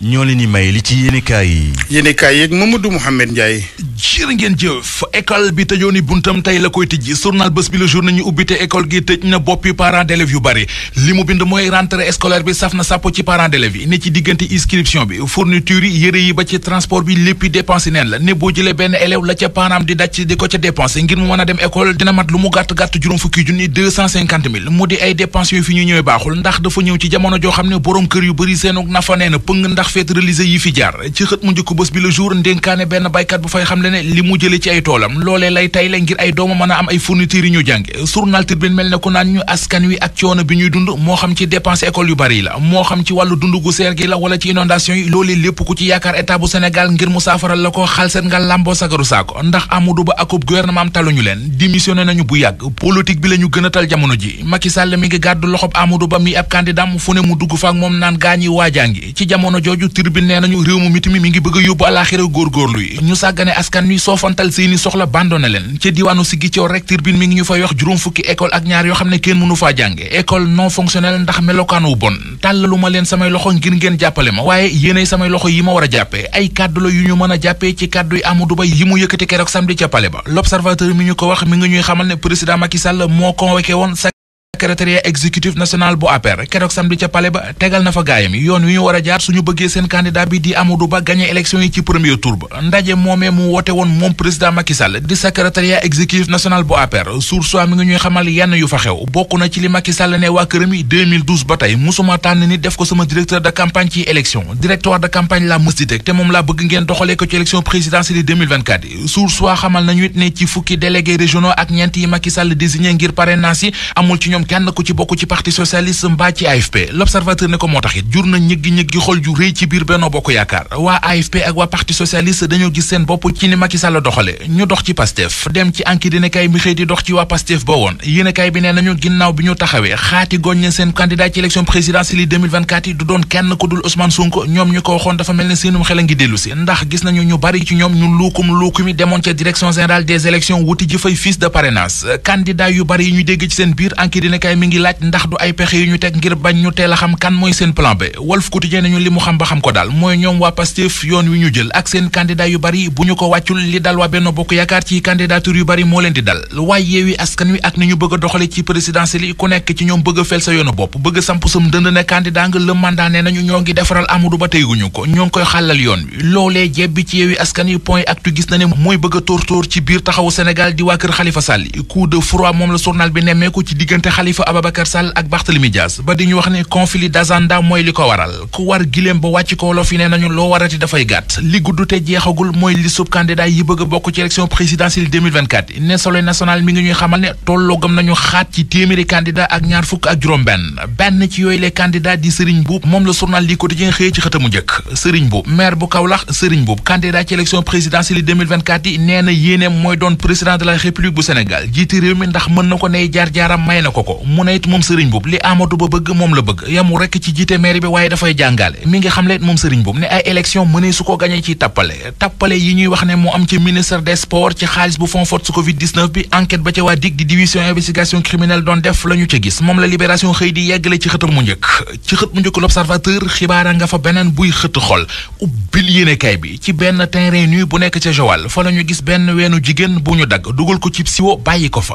ñoo leen di may li ci yéenekaay yi. yéenekaay yeeg Mamadou Mouhamed Ndiaye. jërë ngeen jëf école bi tëjooni buntam tey la koy tijji journal bés bi le jour nañu ubbite école gi tëj na boppi parents d'élèves yu bari li mu bind mooy rentrée scolaire bi saf na sàpp ci parents d'élèves yi ne ci diggante inscription bi fourniture yëre yi ba ci transport bi léppi dépense neen la ne boo jëlee benn élève la ca parent di daj di ko ca dépense ngir mu mën a dem école dina mat lu joo xam ne borom ndax fête religieux yi fi jaar ci xët mu njëkk bés bi le jour ndénkaane benn baykat bu fay xam le ne li mu jële ci ay toolam loolee lay tay ngir ay dooma mën a am ay fournitures yi ñu jànge journal Tribune mel ne ku naan ñu askan wi ak coono bi ñuy dund moo xam ci dépense école yu bari yi la moo xam ci wàllu dund gu seer gi la wala ci inondation yi loolee lépp ku ci yaakaar état bu Sénégal ngir mu saafaral la ko xalset nga làmboo sagaru saako ndax Amadou Ba bi la ñu gën a tal jamono ji Macky Sall mi ngi gàddu loxob Amadou Ba mi jooju tribune nee nañu réew mi mi ngi bëgg a yóbbu àlaxira góorgóorlu yi ñu sàggane askan wi soofantal seeni soxla bandone leen ca diwaanu Siggi Coow rek tribune mi ngi ñu fay wax juróom fukki école ak ñaar yoo xam ne kenn mënu faa jànge école non fonctionnelle ndax melokaan wu bon tàllalu leen samay loxo ngir ngeen jàppale ma waaye yéenay samay loxo yi ma war a ay kàddu yu ñu mën a ci kàddu yi Amadou yi mu yëkkati keroog samedi secrétariat exécutif national bu APR keroog samedi ca palais ba tegal na fa gaayam yoon wi war a jaar suñu bëggee seen candidat bi di Amadou Ba gagné élection yi ci premier tour ndaje moomee mu woote woon moom président Macky di secrétariat exécutif national bu APR source mi ngi ñuy xamal yenn yu fa xew bokk na ci li Macky ne waa këram yi ba tey musuma tànn nit def ko sama directeur de campagne ci élection ñaan ko ci bokk ñu dox ci seen candidat ci élection présidentielle yi ñu bari ci ñoom ñu luukum luukumi demoon ca direction générale des élections wuti ji fay de parrainage candidat yu bari yi ñu dégg ci seen biir anki dina kay yéenekaay mi ngi laaj ndax du ay pexe yu ñu teg ngir bañ ñu teel a xam kan mooy seen plan B Walf Quotidien nañu li mu xam ba xam ko daal mooy ñoom waa Pastef yoon wi ñu jël ak seen candidat yu bari bu ñu ko wàccul li dal waa Benno Bokk Yaakaar ci candidature yu bari moo leen di dal waaye Yewwi Askan Wi ak ni ñu bëgg a ci présidentielle yi ku nekk ci ñoom bëgg a fel sa yoonu bopp bëgg samp sam dënd ne candidat nga le mandat ne nañu ñoo ngi defaral Amadou Ba ko ñoo ngi yoon wi loolee jebbi ci Yewwi gis na ne mooy bëgg a tóor tóor biir taxawu Sénégal di waa kër Khalifa Sall coup de Khalifa Ababacar Sall ak Barthélemy Dias ba di ñu wax ne conflit d'agenda ko war giléem ba wàcc ko wolof yi ne nañu loo warati dafay gàtt li gudd te jeexagul mooy li bokk ci élection présidentielle 2024 ne solo national mi ngi ñuy xamal ne ak ñaar fukk ak juróom-benn benn ci yooyu les candidats di Serigne Boub moom la journal li quotidien xëyee ci xëtamu njëkk Serigne Boub maire bu Kaolack Serigne Boub candidat ci élection présidentielle 2024 yi nee na yéeneem mooy doon président de la république bu Sénégal jiite réew mi ndax mën na ko ne jaar jaaram may na ko ko ko mu ne it moom sëriñ boobu li Amadou Ba bëgg moom la bëgg yamu rekk ci jiite mairie bi waaye dafay jàngale mi ngi xamle it moom sëriñ boobu ne ay élection mënee su ko gañee ci tappale tappale yi ñuy wax ne moo am ci ministre des sports ci xaalis bu fond force su covid 19 bi enquête ba ca waa dig di division investigation criminelle doon def la ñu ca gis moom la libération xëy di yeggale ci xëtam mu njëkk ci xët mu njëkk l'observateur xibaara nga fa beneen bi ci benn terrain nu bu nekk ca Joal fa la ñu gis benn weenu jigéen bu ñu dagg dugal ko ci siwo bàyyi ko fa